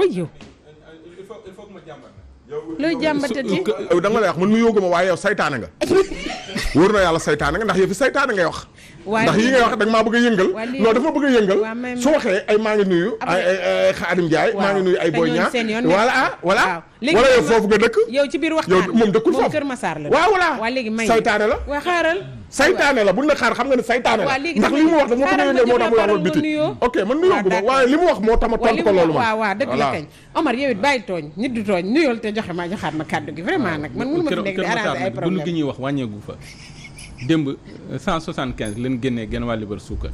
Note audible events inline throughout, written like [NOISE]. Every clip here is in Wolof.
way yow. looy jàmbatati yow da nga lay wax man mu yóogu ma waaye yow saytaane nga. [LAUGHS] wóor na yàlla saytaane nga ndax yow fi saytaane ngay wax. ndax yi ngay wax da nga maa bëgg a yëngal. non dafa bëgg a yëngal. su waxee ay maa ngi nuyu. ay ay Xaadim Njaay maa ngi nuyu ay Boy Niang. voilà ah, voilà. wala yow foofu nga dëkk. yow ci biir waxtaan yow moom dëkkul foofu. moom Kër Massar la waaw voilà. saytaane la saytaane la buñ la xaar xam nga ne saytaane la ndax li mu wax moo tax mu wax biti ok man nuyoo gu ma waaye li mu wax moo tax ma tontu ko loolu ma waaw waaw dëgg la kañ Omar yow bàyyi tooñ nit du tooñ nuyool te joxe maa joxaat ma kàddu gi vraiment nag man mënu ma nekk di arrangé ay problème gi ñuy wax wàññeeku fa démb 175 leen génnee genn wàllu bar suukar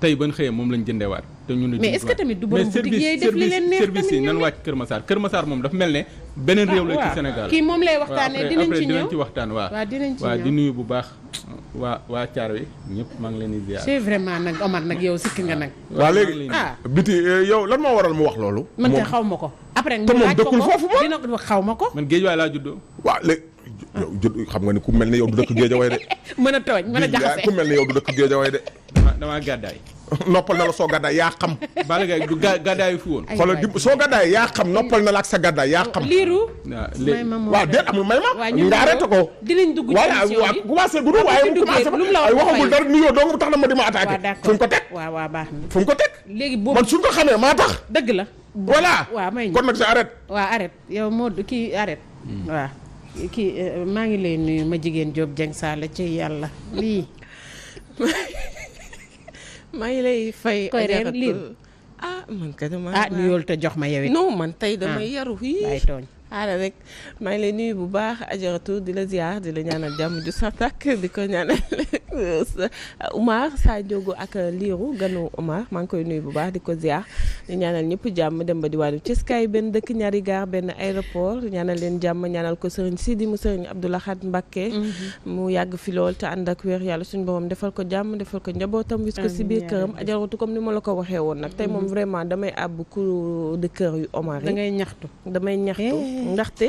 tey ban xëyee moom lañ jëndeewaat te ñu ne mais est-ce que tamit du service yi nan wàcc Kër Massar Kër Massar moom dafa mel ne beneen réew la ci ah, Sénégal kii moom lay waxtaanee dinañ ci ñëw ci waxtaan waaw waaw di nuyu bu baax waa waa Thiaroye yi ñëpp maa ngi leen di ziar c'est vraiment nag Omar nag yow sikki nga nag waaw léegi ah biti eh, yow lan moo waral mu wax loolu man te xaw ma ko après te moom dëkkul foofu moom dina xaw ma ko man géej waay laa juddoo waaw léegi yow jë xam nga ni ku mel ne yow du dëkk géejawaay de. [LAUGHS] mën a tooñ mën a jaxase ku mel ne yow du dëkk géejawaay de. damaa damaa gàddaay. [LAUGHS] noppal na la soo gàddaay yaa xam. ga gàddaay fu woon. noppal na la ak sa gàddaay yaa xam. liiru. waaw déet amul may ma. waaw ñun nga arrêté ko. dinañ dugg ci ah, émission bi commencé gudd waaye mu ma waxagul dara na ma ko teg waaw waaw baax na ko teg. léegi boobu man suñ ko xamee maa tax. dëgg la. voilà. waaw may ñu kon nag sa arrête. waaw arrête yow moo kii arrête hmm. waaw kii eh, maa ngi lay nuyu ma jigéen Diop Dieng Sala ci yàlla lii [LAUGHS] maa ngi lay fay. koy reer ah man ka dama ah nuyool te jox ma yow it. man tey ah, damay yaru yii ay tooñ. xaaral rek maa ngi lay nuyu bu baax ajaratu di la ziar di la ñaanal jàmm ju sa tàkk di ko ñaanal. Euh, Oumar Sadiogo ak Lirou ganu Oumar maa ngi koy nuyu bu baax di ko ziar di ñaanal ñëpp jàmm dem ba di diwaanu Ceskaay benn dëkk ñaari benn aéroport ñaanal leen jàmm ñaanal ko sëriñ Sidi mu sëriñ Abdou Lahad Mbacké mm-hmm. mu yàgg fi lool ànd ak weer yàlla suñ borom defal ko jàmm defal ko njabootam wis ko si biir këram ajaratu comme ni ma la ko waxee woon nag tey moom mm-hmm. vraiment damay àbb cour de cœur yu Oumar yi damay ñaxtu eh. ndaxte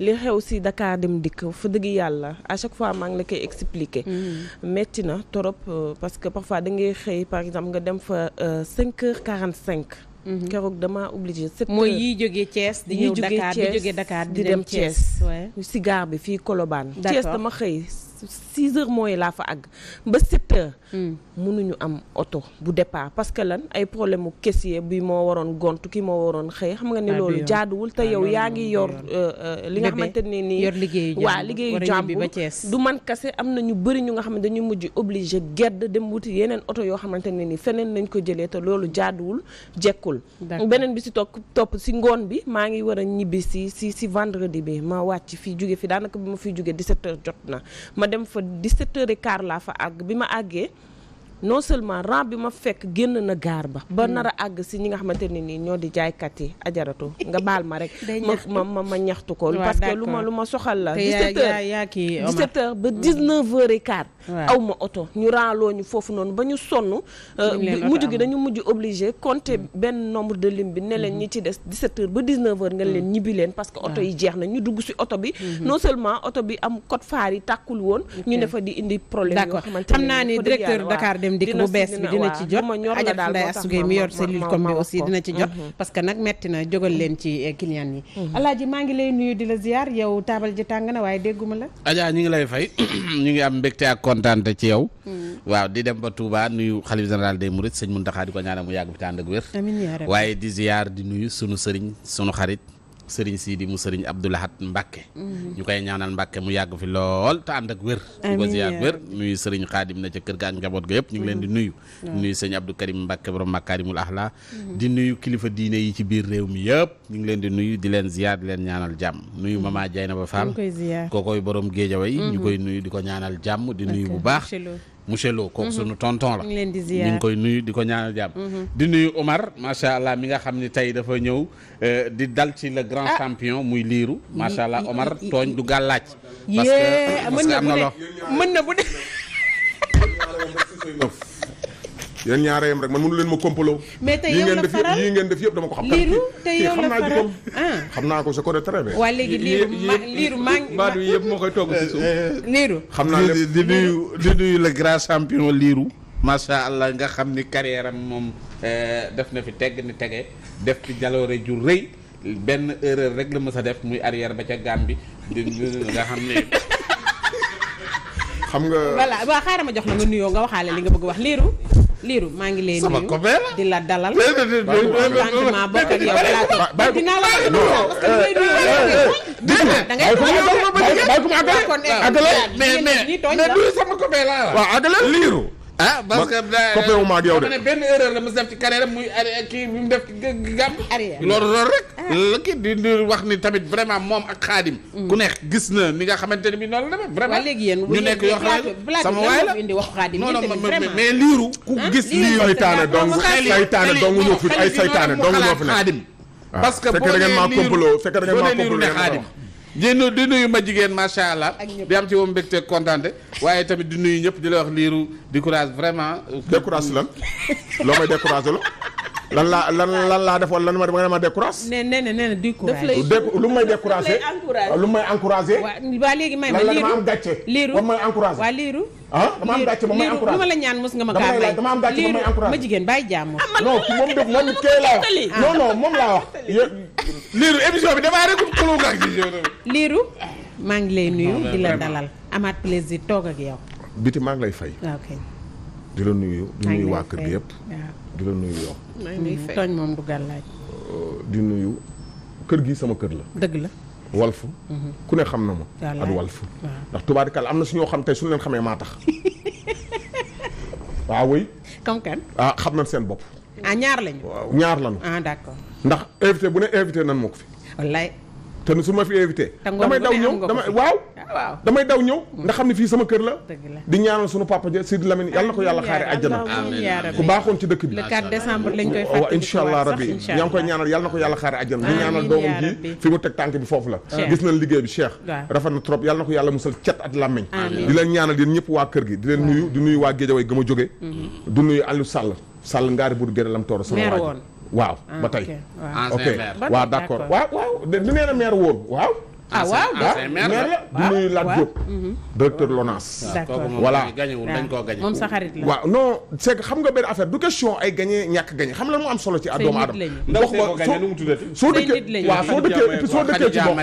li xew si Dakar dem dikk fa dëgg yàlla à chaque fois maa ngi la koy expliquer. Mm-hmm. metti na trop euh, parce que parfois da ngay xëy par exemple nga dem fa 5 euh, heures 45. Mm-hmm. keroog dama obligé. mooy yiy jóge Thiès di ñëw Dakar di dem Thiès. si gare bi fii Colobane. Thiès dama xëy. six heures mooy laa fa àgg ba sept heures hmm. mënuñu am oto bu départ parce que lan ay problème mu caissier bi moo waroon gont ki moo waroon xëy xam nga ni ah, loolu jaaduwul te ah, yow yaa ngi yor euh, euh, li nga xamante ne nii waa liggéeyu jàmbur du man kase am na ñu bëri ñu nga xam ne dañuy mujj obligé gedd dem wuti yeneen oto yoo xamante ne nii feneen nañ ko jëlee te loolu jaaduwul jekkul beneen bi si topp topp si ngoon bi maa ngi war a ñibbi si si si vendredi bi ma wàcc fii jóge fi daanaka bi ma fiy jóge 17 jot na dem fa di heures et quart laa fa àgg bi ma àggee non seulement rang bi ma fekk génn na gaar ba ba hmm. nara àgg si ñi nga xamante ne nii ñoo di jaaykat yi ajaratu nga baal ma rek [LAUGHS] ma ma ma ñaxtu ko [LAUGHS] parce que lu ma lu ma soxal la 17 heures 17 heures ba 19 hmm. heures et quart ma oto ñu ranloo ñu foofu noonu ba ñu sonn euh, mujj gi dañu mujj obligé compter hmm. benn nombre de lim bi ne leen ñi ci des 17 heures ba 19 nga leen ñibbi leen parce que oto yi jeex na ñu dugg si oto bi non seulement oto bi am code phare yi tàkkul woon ñu ne fa di indi problème yoo xamante ne dem dikk bu bees bi dina ci jot ajab lay asugey mi yor cellule bi aussi dina ci jot parce que nag metti na jógal leen ci eh, client yi mm-hmm. alaaji maa ngi lay nuyu di la ziar yow taabal ji tàng na waaye dégguma la ajaa ñu ngi lay fay [CLEARS THROAT] ñu ngi am mbégte ak kontaante ci yow mm. waaw di dem ba Touba nuyu xalif général des mourides sëñ Muntaxa di ko ñaanal mu yàgg fi tànd ak wér waaye di ziar di nuyu sunu sëriñ sunu xarit sëriñ Sidi mu sëriñ Abdou Lahad Mbacke. Mhm. ñu koy ñaanal mbakke mu yàgg fi lool te ànd ak wér. amiin ko ziar wér nuyu sëriñ Xaadim na ca kër ga ak njaboot ga yëpp ñu ngi leen di mhm. nuyu. nuyu sëriñ Abdou Karim Mbacke borom Makaarimul Axlaa mhm. di nuyu kilifa diine yi ci biir réew mi yëpp ñu ngi leen di nuyu di leen ziar di leen ñaanal jàmm nuyu mama Jaynaba Fall. koy ziar kookoy borom Géejawaay. ñu koy nuyu di ko ñaanal jàmm di nuyu bu baax monsieur Lo kooku mhm. sunu tonton la ñu ngi koy nuyu di ko ñaanal jàmm mhm. di nuyu Omar macha allah mi nga xam ni tey dafa ñëw euh, di dal ci le grand ah. champion muy liiru macha allah Omar tooñ du gàllaaj parce am na loo mën na bu dee [LAUGHS] [LAUGHS] yéen ñaare yam rek man mënu leen ma kompaloo. mais tey yow la faral yii ngeen def yëpp dama ko xam. Ah. naa ko sa connais très bien. waa léegi liiru ma liiru maa ngi. Badou koy togg ci [LAUGHS] xam naa lépp di nuyu la nuyu le grand champion liiru. macha allah nga xam ni carrière am moom euh, def na fi tegg ni tege def ci jaloore ju rëy benn erreur rek la mës a def muy arrière ba ca Gambie di nga xam ne. xam nga voilà waaw xaaral ma jox la nga nuyoo nga waxaale li nga bëgg wax liiru. liiru maa ngi lay nuyu di la dalal contentement bokk ak yow plateau dinaa la wax non parce que lay nuyu da ngay kon mais mais mais du sama copain waaw àggale liiru ah parce que coppee ma ak yow de ma ne benn erreur la mu def ci carrière muy kii bi mu def gàmm. loolu loolu rek. la kii di wax ni tamit vraiment moom ak xaadim. ku neex gis na ni nga xamante ne bii noonu la demee. vraiment ñu nekk yoo xam ne sama waay la indi wax xaadim non non mais liiru. ku gis liiru saytaane dong saytaane dong ñoo fi ay saytaane dong ñoo fi nekk. parce que boo nee liiru boo nee liiru ne xaadim. jéem di nuyu ma jigéen macha allah. di am ci moom mbégte kontaante waaye tamit di nuyu ñëpp di la wax liiru di vraiment. décourage lan loo may décourage la. lan laa lan lan laa defoon wala lan ma dama ma décourage. nee na nee na du courage. lu may découragé lu may encouragé. waaw léegi may ma liiru lan la ma am gàcce. liiru may encouragé waaw liiru. ah dama am gàcce ma la ñaan mos nga ma kaa may dama am gàcce ba may encouragé ma jigéen bàyyi jàmm ah, non moom def laa [LAUGHS] wax non non moom bi damaa rek xuloo nga ak liiru maa ngi lay nuyu di la dalal amaat plaisir toog ak yow biti maa ngi lay fay ah, ok di la nuyu di nuyu waa kër gi yëpp ah. di la nuyu yow mm, tooñ moom du gàllaaj di nuyu kër gi sama kër la dëgg la walf ku ne xam na ma ak walf ndax tubaarikal am na su ñoo xam tey suñu leen xamee maa tax [LAUGHS] waaw wëy comme kan ah xam na seen bopp ah ñaar lañu. waaw ñaar lañu. ah d'accord. ndax invité bu ne invité nan moo ko fi wallaay te su ma fi invité. damay daw ñëw damay waaw. damay daw ñëw. nga xam ne fii sama kër la. di ñaanal sunu papa ja Sidi Lamine yàlla na ko yàlla xaare àjjana. ku baaxoon ci dëkk bi. le 4 décembre lañ allah rabbi ñaa ñaanal yàlla ko yàlla xaare àjjana. di ñaanal doomam ji fi mu teg tànk bi foofu la. gis na liggéey bi Cheikh. rafet na trop yàlla na ko yàlla musal cet at làmmiñ. di leen ñaanal yéen ñëpp waa kër gi di leen nuyu di nuyu waa Géejawaay gëma jóge mhm. du nuyu Aliou Sall Sall ngaari buur gëralam tooro sama waa waaw ah, ba tey ok waaw d'accord waaw waaw du nee na maire woon waaw ah waaw maire la du nuyu Lat Diop mhm. directeur LONAS voilà dañ koo gañe moom sa waaw non c'est xam nga benn affaire du question ay gañe ñàkk gañe xam la mu am solo ci doomu aadama ndax soo dëkkee waaw soo dëkkee soo dëkkee ci gox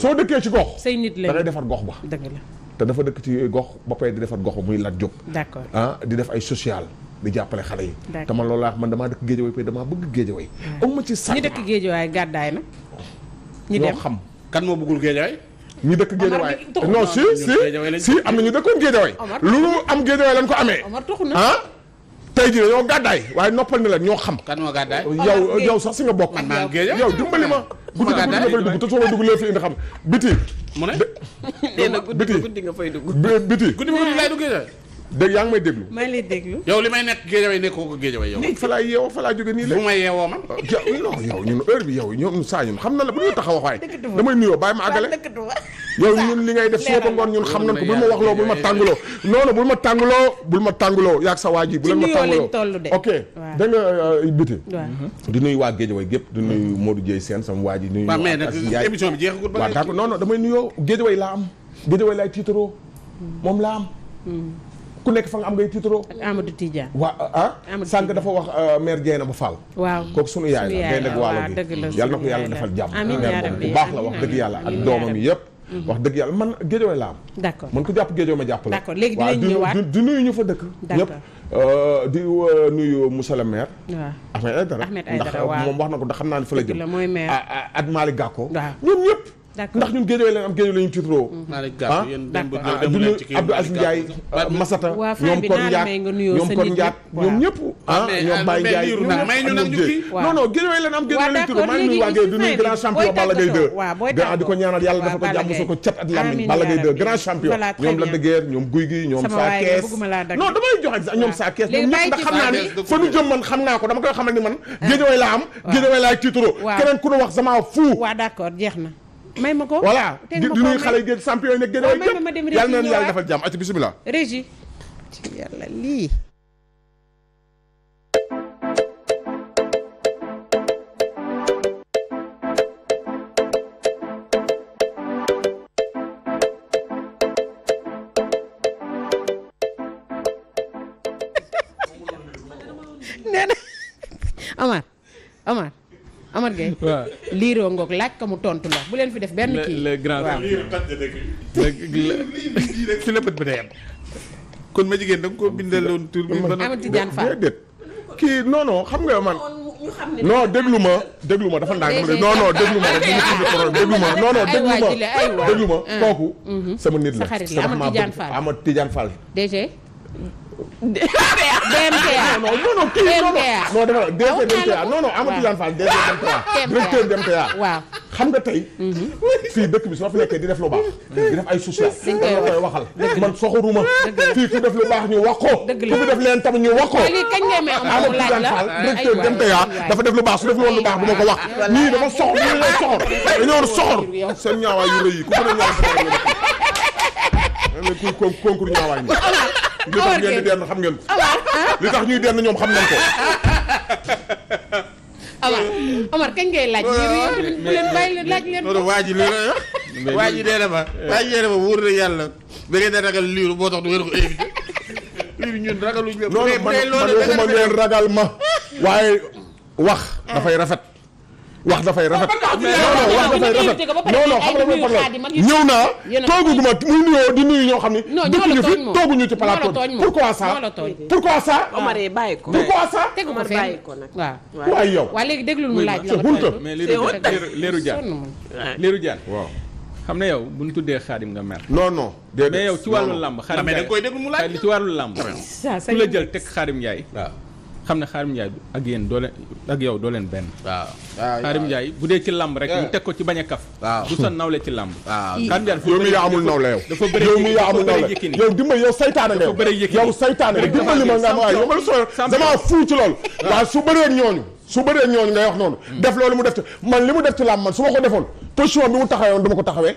soo dëkkee ci gox say nit lañ da ngay defar gox ba dëgg la te dafa dëkk ci gox ba pay di defar gox ba muy Lat Diop d'accord ah, di def ay social di jàppale xale yi. te man loolu laa man damaa dëkk géejawaay parce que damaa bëgg géejawaay. am ma ci sànq ñi dëkk géejawaay gàddaay na. ñi dem ñu dëkk géejawaay non si si si am na ñu dëkkoon géejawaay. lu am géejawaay lañ ko amee. ah tey jii dañoo gàddaay waaye noppal na la ñoo xam. kan moo gàddaay yow yow sax si nga bokk. man maa géejawaay yow dimbali ma. guddi nga fay dugg te soo ma dugg lee fi indi xam biti. mu ne. biti guddi nga fay dugg. biti guddi laay dégg yaa ngi may déglu. maa li may nekk géejawaay nekkoo ko géejawaay yow. fa laa yeewoo fa laa jóge nii la. bu ma yeewoo man. non ñun heure bi yow ñoom saa ñun xam na la bu ñu taxaw waxaay. damay nuyoo bàyyi ma àggale. yow ñun li ngay def soo ko ngoon ñun xam na ko bul ma waxloo bul ma tàng non non bul ma tàngaloo bul ma tàngaloo yaag sa waa ji. bu leen ma tàngaloo ok. da nga euh, biti. Mhm. di nuyu waa géejawaay gépp du nuy Modou Dieye seen sama waa ji. nuyu waa Asy émission bi jeexagul ba. waaw d'accord non non damay nuyoo géejawaay laa am géejawaay laay tiitaroo mm. moom laa ku nekk fa nga am ngay tiitaroo. ak Amadou Tidiane. waa ah, ah. sànq dafa wax euh, maire Dieng bu Fall. waaw kooku sunu yaay la ngay nekk waalo yàlla defal jàmm. amiin yaa bu baax la wax dëgg yàlla ak doomam yëpp. Mm-hmm. wax dëgg yàlla man géejooy la am. d'accord man ko jàpp géejoo ma jàpp la. d'accord léegi dinañ ñëwaat waaw di nuyu ñu fa dëkk. ñëpp euh, di euh, nuyu monsieur le maire. waaw Ahmed Aïdara. Ahmed Aïdara waaw ndax moom wax na ko ndax xam naa ne fa la jëm. at Malick Gakou ñoom ñëpp ndax ñun géej lañ am géej la ñu tiitroo. Abdou Aziz Masata ñoom ñëpp. ah, ah ñoom Baye Ndiaye ñoom ñëpp non non géej lañ am géej la ñu tiitroo maa ko ñaanal yàlla ñoom Lac de Sa Thiès non damay joxe ñoom Sa Thiès xam naa ko dama koy xamal ni man géej la am géej la tiitroo keneen ku nu wax sama fou waaw d'accord jeex na may ma ko voilà di nuyu xale yi génn champion yi nekk génn yëpp yàlla na yàlla defal jàmm ati bisimilah régi yàlla lii Omar Gueye. [LAUGHS] waaw liiroo ngoog laaj ko mu tontu la bu leen fi def benn kii. le grand waaw [LAUGHS] [LAUGHS] la bët bi day am. kon ma da nga koo bindaloon tur bi. amati jaan faa déedéet kii non non xam nga ma déglu ma dafa ndànk non non déglu ma déglu ma non non déglu ma ah. DMTA non non kii non non non DG DMTA non non Amadou Tidiane Fall DG DMTA directeur DMTA waaw xam nga tey fii dëkk bi soo fi nekkee di def lu baax di def ay social da la koy waxal man soxoruma fii ku def lu baax ñu wax ko ku fi def leen tam ñu wax ko Amadou Tidiane Fall directeur DMTA dafa def lu baax su def lu woon lu baax bu ma ko wax ñii dafa soxor ñii lay soxor dañoo soxor seen ñaawaay yu rëy yi ku gën a ñaaw soxor ñu def kuy concours ñaawaay li tax ngeen di denn xam ngeen ko. li xam nañ ko. Omar Omar kañ ngay laaj. bu leen bàyyi laaj leen ko. waa ji lii la waa ji dee na ma. Eh. waa ji dee na ma wóor na yàlla. da ngeen di ragal liiru boo tax du ngeen ko éviter. liiru ñun ragaluñ la. loolu man man waxuma ngeen ragal ma. Eh. waaye wax dafay rafet. wax dafay rafet non non wax dafay rafet non non xam nga problème ñëw naa tooguguma di nuyu ñoo xam ne dëkkuñu fi tooguñu ci plateau pourquoi ça pourquoi ça Omar yi eh, bàyyi ko pourquoi ça tegu ko fenn waaw waaye yow waaw léegi déglul mu laaj la bunta mais Lirou waaw xam ne yow bu ñu tuddee xaadim nga mer non non mais yow ci wàllu làmb xaadim mais da nga koy déglu làmb ku la jël teg xaadim Ndiaye xam ne Xaarim Njaay ak yéen doo leen ak yow doo leen benn. waaw waaw Xaarim Njaay bu dee ci làmb rek. ñu teg ko ci bañ a kaf. waaw du sa nawle ci làmb. waaw Xaarim Njaay yow mi yaa amul nawle yow. dafa bëri yow mi yaa amul nawle yow dimbali yow saytaane nga yow. dafa bëri nga ma nga waaye damaa fuu ci loolu. waaw su bëree ñooñu. su bëree ñooñu ngay wax noonu. Hmm. def loolu mu def ci man li mu def ci làmb man su ma ko defoon position bi mu taxawee woon du ko taxawee.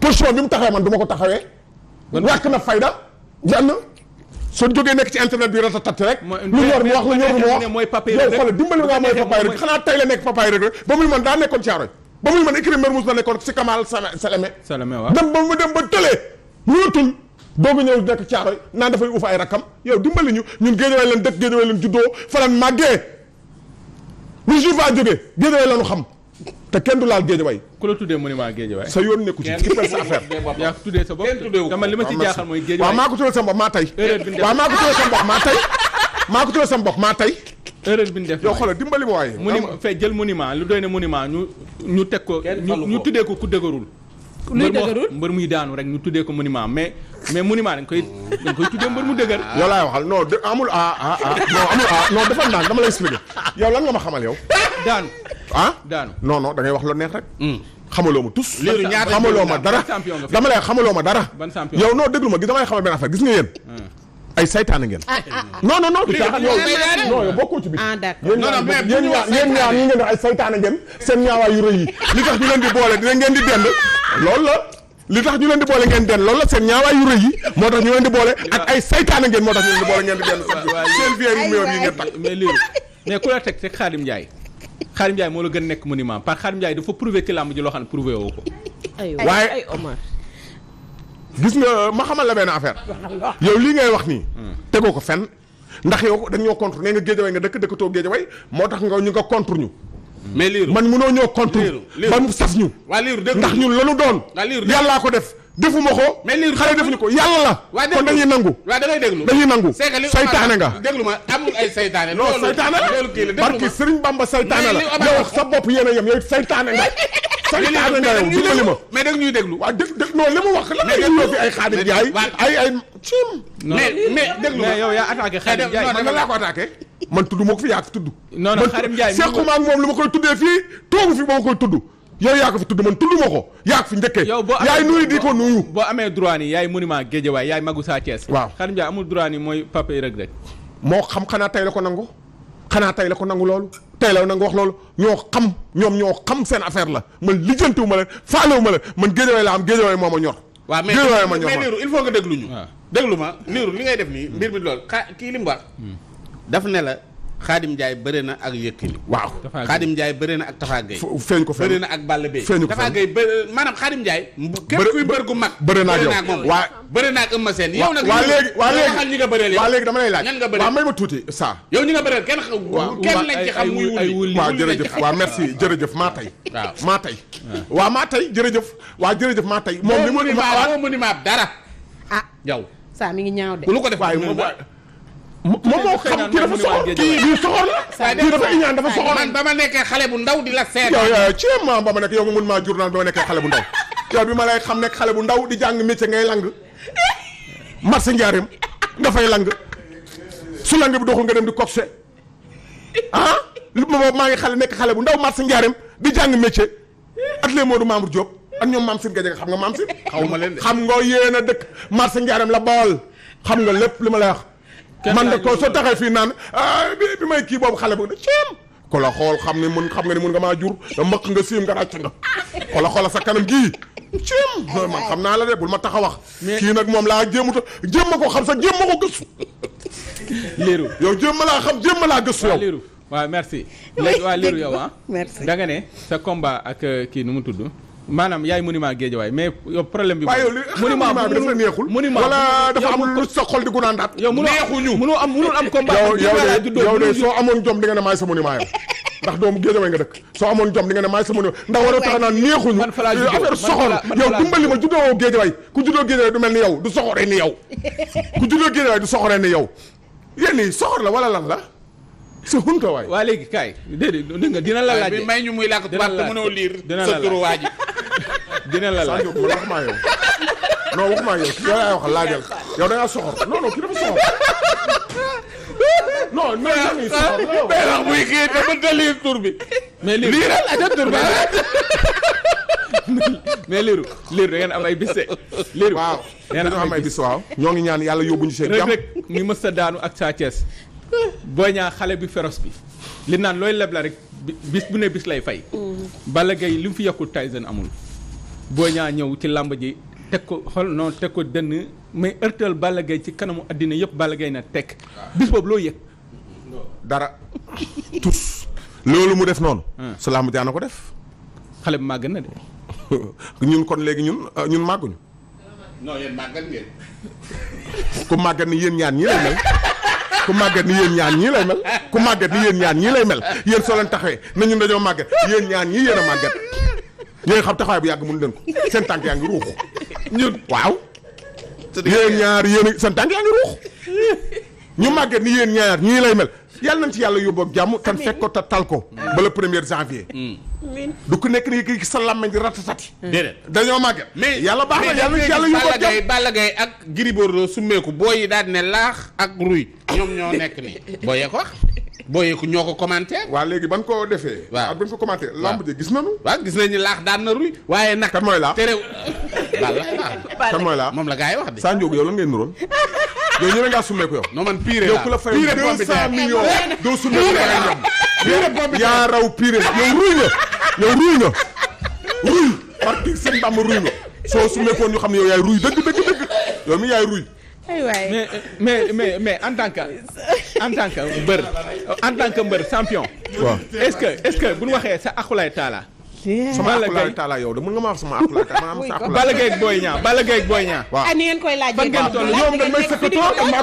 position bi mu taxawee man du ma ko taxawee. ñàkk na fayda jann soo jógee nekk ci internet bi ratatat rek lu ñor mu wax lu ñor mu wax yow xoolal dimbali waa mooy papaay rek xanaa tey la nekk papaay rek ba muy man daa ba muy man la nekkoon si Kamal Salame Salame waaw dem ba mu dem dimbali ñu ñun géejawaay leen dëkk géejawaay leen juddoo falan màggee lu juif a jógee géejawaay xam te kenn du laal géejawaay. ku la tuddee monument géejawaay. sa yoon nekku ci képpel sa affaire. yaa ko tuddee sa bopp kenn tuddee wu ko dama li ma ci jaaxal mooy géejawaay waaw maa ko tuddee sa bopp maa tey. waaw maa ko tuddee sa bopp maa tey. maa ko tuddee sa bopp maa tey. erreur bi ñu def yow xoolal dimbali ma waaye. monument fee jël monument lu doy ne monument ñu ñu teg ko. ñu ñu tuddee ko ku dëgërul. luy dëgërul mbër muy daanu rek ñu tuddee ko monument mais mais monument dañ koy dañ koy tuddee mbër mu dëgër. yow laay waxal non amul ah ah ah non amul ah non dafa daan dama lay expliquer yow lan nga ma xamal yow daanu ah daanu non non da wax lu neex rek. Hmm. xamaloo ma tus. léegi ñaata xamaloo ma dara dama lay xamaloo ma dara. yow non déglu ma gis damay xamal benn affaire gis nga yéen. Hmm. ay saytaane ngeen. Ah. non non non. léegi yow non yow bokkoo ci biir. ah d'accord non ngeen di ay saytaane ngeen seen ñaawaay rëy yi li tax ñu leen di boole dina ngeen di dend loolu la. li tax ñu leen di boole ngeen den loolu la seen ñaawaay yu rëy yi moo tax ñu leen di boole ak ay saytaane ngeen moo tax ñu leen di boole ngeen di den teg teg Xaadim Njaay Xaadim Ndiaye moo la gën nekk monument par Xaadim Ndiaye dafa prouver ci làmb ji loo xam ne prouver ko. waaye ay Omar. gis nga ma xamal la benn affaire yow lii ngay wax nii. Hmm. tegoo ko fenn ndax yow dañoo contre nee nga géejaway nga dëkk dëkkatoo géejaway moo tax nga ñu nga contre ñu. Hmm. mais liiru man mënoo ñëw contre. liiru liiru ba mu saf ñu. waaw liiru dëgg ndax ñun lanu doon. yàllaa ko def. defuma ko. mais li xale ko yàlla la. waaw kon dañuy nangu. waaw da ngay déglu dañuy nangu. saytaane nga déglu ma ay saytaane. la barki Serigne Bamba saytaane la yow sa bopp yéen a yem yow saytaane nga. [LAUGHS] nga yow ma mais da ñuy déglu. waaw dégg dégg li mais mais déglu ma mais yow yaa attaqué Xaadim Jaay man laa ko attaqué. man tudd moo ko fi yaa ko tudd. non moom lu ma koy tuddee fii toogu fi moo koy tudd yow yaa ko fi tudd man tudd ma ko yaa ko fi njëkkee. yow boo yaay nuyu di ko nuyu. boo amee droit ni yaay monument Guédiawaye yaay magu Sa Thiès. waaw Khadim Ndiaye amul droit ni mooy papa yi rek rek. moo xam xanaa tey la ko nangu xanaa tey la ko nangu loolu tey la nangu wax loolu ñoo xam ñoom ñoo xam seen affaire la man lijjantiwu ma leen faalewu ma leen man Guédiawaye la am Guédiawaye moo ma ñor. waaw mais mais Niru il faut nga déglu ñu. déglu ma Niru li ngay def nii. mbir bi loolu xa kii li wax. Hmm. daf ne la Xaadim Njaay bëri na ak Yékini waaw Xaadim Njaay bëri na ak Tafa Gueye feeñ ko feeñ bëri na ak Balla Bey Tafa Gueye bëri maanaam Xaadim Njaay képp kuy bër gu mag ak moom waa bëri na ak Eumeu Sène yow nag waa léegi dama lay laaj nga bëreel waaw may ma tuuti ça yow ñi nga bëreel kenn kenn lañ ci xam muy wuli waaw jërëjëf waaw merci jërëjëf maa tey waaw maa tey tey jërëjëf waa jërëjëf maa tey moom li ma dara ah yow saa mi ngi ñaaw de lu ko moom moo xam kii dafa soxor kii dafa iñaan dafa soxor xale bu ndaw di la seet yow yow ci ma ba ma nekk yow nga mën maa jur naan ma nekkee xale bu ndaw yow bi ma lay xam nekk xale bu ndaw di jàng métier ngay lang marché njaarim lang su lang bi doxul nga di coxé ah maa ngi nekk xale bu ndaw marché njaarim di jàng métier at lee Modou Mamour Diop ak ñoom Maam Sine Gajaga xam nga Maam Sine xaw ma leen xam nga yéen a dëkk marché njaarim la bool xam nga lépp li ma lay wax man da koo soo taxee fii naan ah, bi may kii boobu xale boobu ne ceem ko xool xam ne mun xam nga ne mun nga maa jur da mbëkk nga siim nga ràcc nga xoola xoola sa kanam gii ceem man xam naa la de bul ma tax a wax kii nag moom laa jéemuta jéem ma ko xam sax jéem ma ko gëstu liiru yow jéem ma laa xam jéem ma laa gëstu yow waaw merci léegi waa liiru yow ah merci da nga ne sa combat ak euh, kii nu mu tudd maanaam yaay monument Guédiawaye mais yow problème bi. bi dafa neexul. monument wala dafa am lu sa di ko naan daat. neexuñu yow mënoo am mënoo soo amoon jom di nga ne maay sa monument yow. ndax doomu Guédiawaye nga dëkk soo amoon jom di nga ne maay sa monument ndax waroo tax naan neexuñu. man falaa juddoo affaire soxor yow dimbali ma juddoo Guédiawaye ku juddoo Guédiawaye du mel ni yow du soxoree ni yow ku juddoo Guédiawaye du soxoree ni yow yéen yi soxor la wala lan la su hunta waay waa léegi kaay déedéet dina la laaj may ñu muy làkk tubaab te mënoo liir sa turu waa ji dina la laaj man waxumaa yow laajal yow da soxor non ki dafa soxor. non non dañuy soxor la wax muy kii te mënta tur bi. mais liiru liiru ngeen am ay bis de. liiru waaw am ay bis waaw. ñoo ngi ñaan yàlla yóbbuñu seen jàmm rek mi mës daanu ak Sa Thiès. booy ñaa xale bi féroce bi. li naan looy leb la rek bis bu ne bis lay fay. Mm. Balla Gaye li mu fi yokkul Tyson amul. boo ñaa ñëw ci làmb ji teg ko xool non teg ko dënn mais ërtal Balla Gaye ci kanamu àddina yëpp Balla Gaye na teg bis boobu loo yëg dara tous loolu mu def noonu ah. su làmb jaana ko def xale bi màgg na de [LAUGHS] ñun kon léegi ñun ah, ñun màgg non yéen màggat ngeen ku màggat ni yéen ñaan ñii lay mel ku màggat ni yéen ñaan ñii lay mel ku màggat ni yéen ñaan ñii lay mel soo leen taxee na ñun dañoo màggat yéen ñaan ñii yéen a màggat yooyu xam taxawaay bu yàgg mun leen ko seen tànk yaa ngi ruux. ñun waaw. ñaar yéen seen tànk yaa ñu màgget ni yéen ñaar ñii lay mel yàlla nañ ci yàlla yóbbu ak jàmm. tan fekk ko te tal ko. ba le premier janvier. du ku nekk nii kii sa làmmeñ di ratatati. dañoo màgget. yàlla baax na yàlla nañ ci yàlla yóbbu ak jàmm Balla Gaye ak Gris Bordeaux summeeku booy yi daal ne laax ak ruy ñoom ñoo nekk nii booyee ko wax. booyeeku ñoo ko commenté. waa léegi ban ko defee. waaw ban ko commenté lamb ji gis nañu. waaw gis nañu laax daan na ruy. waaye nag kan mooy laax tere. [LAUGHS] kan mooy laax moom la gars yi wax de. Sa Ndiogou yow lan ngeen nuroon. [LAUGHS] yow ñëwee ngaa summeeku yow. noo man pire la yow ku la fay 200 millions [LAUGHS] doo summeeku yow. yaa raw pire yow ruy nga yow ruy nga ruy. parce que seen bàmm ruy nga soo summeekoon ñu xam ne yow yaay ruy dëgg dëgg dëgg yow mi yaay ruy. aywaay mais mais mais mais en tant en tant que mbër en tant que mbër champion. waaw est-ce que est-ce bu ñu waxee sa akulaay taala. sama akulaay taala yow de mën nga ma wax sama akulaay taala ma am Boy Niang Balla Gaye Boy Niang. waaw ni ngeen koy laajee. waaw ngeen toll yow man may sëkkatoo ak ma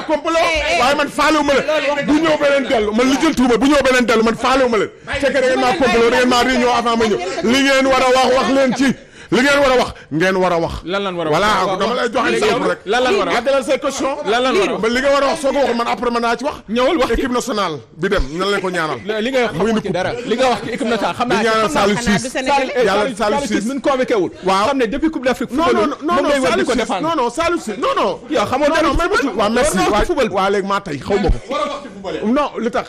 waaye man faalewuma la bu ñëw beneen dellu man li jël tuuma bu ñëw beneen dellu man faalewuma la. c'est que da ngeen maa complot da maa réunion avant ma ñëw li ngeen war li ngeen war a wax ngeen war a wax. lan lan war a wax voilà dama lay jox exemple rek. lan lan a wax dalal a wax a wax soo ko waxul man après man naa ci wax. ñëwal wax équipe nationale bi dem nan ko ñaanal. li nga wax xamoo ci dara li nga équipe nationale xam naa ci ñaanal Salou Ciss yàlla Salou Ciss ñu waaw xam ne depuis coupe d'Afrique. non waaw merci maa tey xaw ma ko. li tax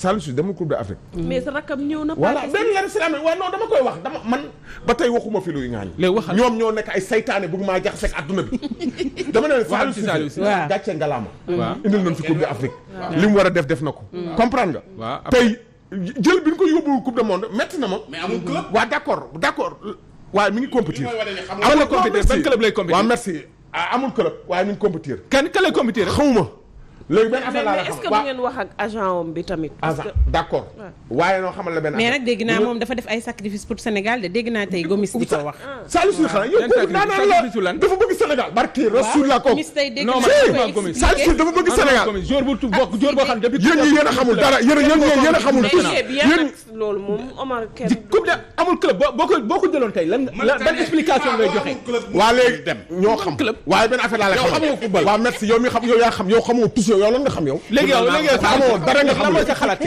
Saliou Ciss dama Coupe d'Afrique. Mm. mais sa rakam ñëw na. voilà benn la si amee waaw non dama koy wax dama man ba tey waxuma filo luy ŋaañ. léegi waxal ñoom ñoo nekk ay saytaane bëgg maa jaxase ak adduna bi. [LAUGHS] dama ne Saliou Ciss waaw waaw gàcce ngalaama. Mm. waaw indil nañ fi li mu war a def def na ko. Mm. comprendre nga. tey jël bi ñu ko yóbbu Coupe du monde métti na ma. mais amul club waaw d' accord d' accord waaw mi ngi compétir. amul club lay compétir waaw merci amul club waaye ah, mi ngi compétir. kenn léegi benn affaire laa la xam est-ce agent am bi tamit. parce que d'accord waaye noo xamal la naa moom dafa def ay sacrifice pour Sénégal de dégg naa tey Gomis di ko wax. Saliou ah. Sy xanaa yow kooku daan Rasul la kooku non man ah, a xamul dara yéen yéen a xamul. yéen loolu moom Omar kenn. comme de amul club boo ko boo ko jëloon tey lan ban explication ngay joxe. waa léegi dem ñoo yow lan nga xam yow. léegi yow léegi yow dara nga xam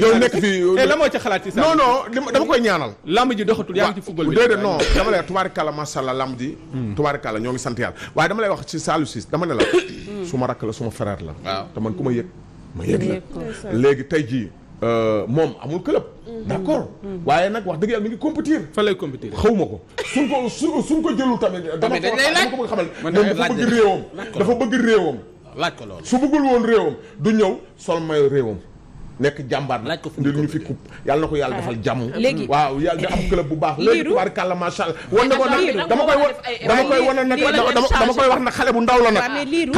yow nekk fi eh, la moo ca xalaat ci sa non non dama koy ñaanal. lamb ji doxatul yaa ngi ci football bi déedéet non dama lay wax tubaarikàlla macha allah lamb ji. Hmm. tubaarikàlla ñoo ngi sant yàlla waaye dama lay wax ci Saliou Ciss dama ne la. [COUGHS] suma rakk la suma frère la. waaw te man ku ma yëg. ma yëg la léegi tey jii euh, moom amul club. Hmm. d'accord hmm. waaye nag wax dëgg yàlla mi ngi compétir. fan lay compétir xaw ma ko. su ko suñ ko jëlul tamit. dama ko ko bëgg xamal moom dafa bëgg réewam dafa bëgg réewam laaj ko loolu su bëggul woon réewam du ñëw sol mayo réewam nekk jàmbaar laaj ko fu ñu fi coupe yàlla na ko yàlla defal jàmm ah. léegi waaw yàlla nga am club bu baax léegi tubaarkàlla macha allah wan na ko nag dama koy wan dama koy wan nag dama koy wax nag xale bu ndaw la nag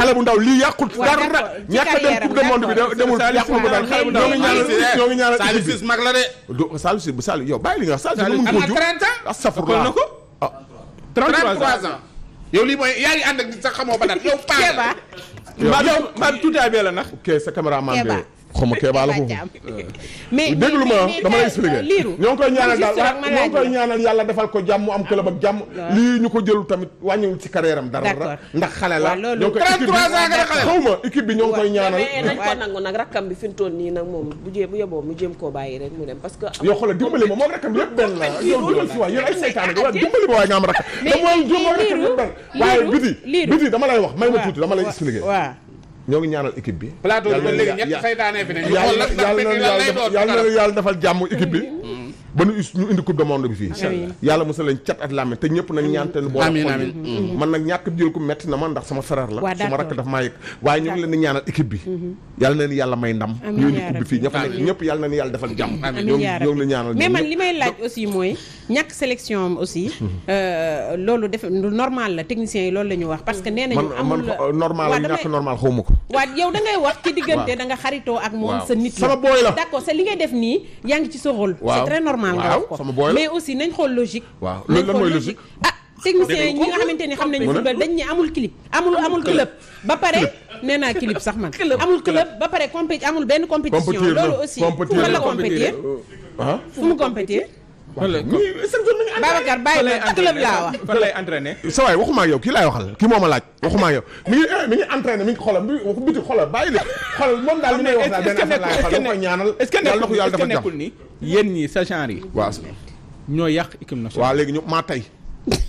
xale bu ndaw lii yàqul dara nag ñàkk a dem coupe du monde bi demul yàqul ko daal xale bu ndaw ñoo ngi ñaanal Saliou Ciss mag yow bàyyi li nga wax Saliou Ciss mu ngi ko jóg astafurlah 33 ans yow lii mooy yaa ngi ànd ak sax xamoo ba nag yow. paa yow man tout à fait la ndax. ok sa caméra man xaw ma la foofu. mais déglu ma dama lay expliqué. ñoo ngi koy ñaanal daal ñoo ngi koy ñaanal yàlla defal ko jàmm am club ak jàmm. Ah. lii ñu bi ñoo koy ñaanal. rakkam bi fi nii nag moom bu jé bu yeboo mu jéem koo bàyyi rek mu dem parce que. yow dimbali ma moom rakkam bi yëpp benn la yow dugal waaye dimbali ma dama lay wax may ma tuuti dama lay expliqué ñoo ngi ñaanal équipe bi. plateau bi ba léegi ñett saytaane fi ne. na yàlla defal jàmm équipe bi. ba nu us ñu indi coupe du bi fii yàlla mosal leen cat ak làmmiñ te ñëpp nag ñaanteen boo man nag ñàkk jël metti na man ndax sama frère la sama rakk daf maa yëg waaye ñu ngi leen ñaanal équipe bi mm-hmm. yàlla na ni yàlla may ndam ñu indi coupe bi fii ñëpp nag ñëpp yàlla na ni yàlla defal jàmm ñoo ngi la ñaanal mais man li may laaj aussi mooy ñàkk sélection am aussi mm-hmm. euh, loolu def normal la technicien yi loolu la wax parce normal nga wax ko mais aussi nañ xool logique waaw loolu lan mooy logique ah techniciens yi nga xamante ni xam nañ football dañ ne amul clip amul amul club ba pare nee naa sax man amul ba pare compét benn compétition loolu aussi fu ma la compétir ah. mu compétir Babacar bàyyi ma club laa wax laaj waxuma ak yow ngi mi ngi eh, ngi xoolal mi biti xoolal bàyyi li xoolal moom daal li may wax daal benn affaire laa yéen ñii sa genre yi. waaw ñoo yàq na nationale. waa léegi ñu maa tey.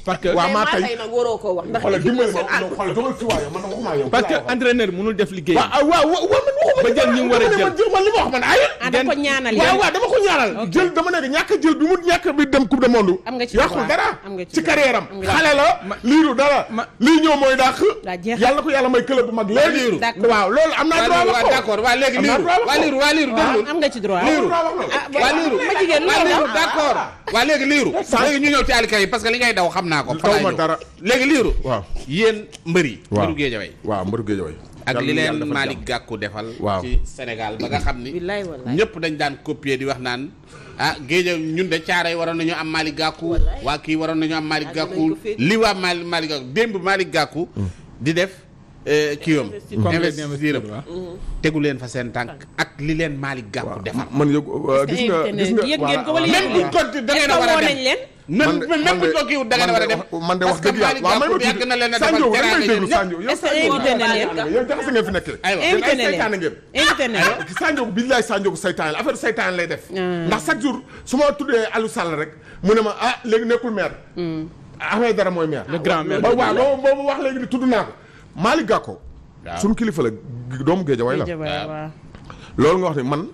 parce que waaw maa tey nag waroo koo wax ndax xoolal dimbali ma xoolal dogal fi waaye man waxuma yow parce que entraîneur mënul def liggéey ah, waaw waaw waaw man waxuma ba jël ñi mu war a jël man li ma wax man ayé ah, dama ko ñaanal waaw waaw dama ko ñaanal jël dama ne ñàkk jël bi mu ñàkk bi dem coupe du monde yàqul dara ci carrière am xale la liiru dara lii ñëw mooy dàq yàlla ko yàlla may club bu mag léegi liiru waaw loolu am naa droit wax ko d'accord waaw léegi liiru waaw liiru waaw liiru déglu ah, am nga ci droit liiru waaw liiru ma jigéen loolu d'accord waaw léegi liiru léegi ñu ñëw ci alika yi parce que li ngay daw xam naa naa ko. taw ma dara léegi liiru. waaw yéen mbër yi. waaw mbëru Géejawaay. waaw mbëru ak li leen Malick Gakou defal. waaw ci Sénégal ba nga xam ni. wilaay walaay ñëpp dañ daan copier di wax naan. a ah, Géejawaay ñun de caaray waroon nañu am Malick Gakou. waa kii waroon nañu am Malick Gakou. li waa Malick Malick Gakou démb Malick Gakou. Mm. di def. kii yoom investiram tegu leen fa seen tànk ak li leen Malick Gakou defar man euh, bu ko da ngeen a war a dem man de même bu toog yow da nga war a def man de wax dëgg yàlla waaw man ma tuuti Sanjo lan may déglu yow jaxase ngeen fi nekk invité na leen invité na la affaire saytaan lay def ah. ndax chaque jour su ma tuddee Aliou Sall rek mu ne ma ah léegi nekkul maire hmm. Ahmed Dara mooy maire le grand maire ba waaw loolu wax léegi ni tudd naa ko Malick Gakou suñu kilifa la doomu Géejawaay la loolu nga wax ni man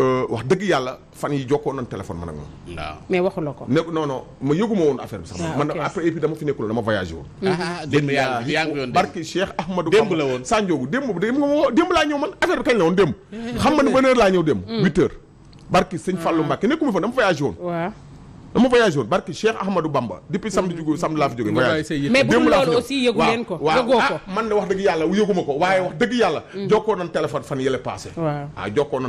Euh, wax dëgg yàlla fan yi jokkoon nañ téléphone ma na moom. waaw mais waxu la ko. nekk non non ma yëgu woon affaire bi sax. Ah, man après et puis dama fi nekkul dama voyagé woon. Mhm. Ah, ah, démb yaa yaa ngi yoon barki Cheikh Ahmadou. démb la woon Sanjoogu démb démb démb laa ñëw man affaire bi kañ la woon démb. Eh, xam nga ne ban heure laa ñëw démb. 8 mm. heures barki sëñ Fallou Mbacke nekkuma fa dama voyagé woon. dama voyagé woon barki Cheikh Ahmadou Bamba depuis samedi mm. jóge samedi laa fi jóge voyagé mais bu ah, wax dëgg yàlla yëguma ko waaye wax dëgg yàlla mm. jokkoo nañ téléphone fan yële passé waaw ah, jokkoo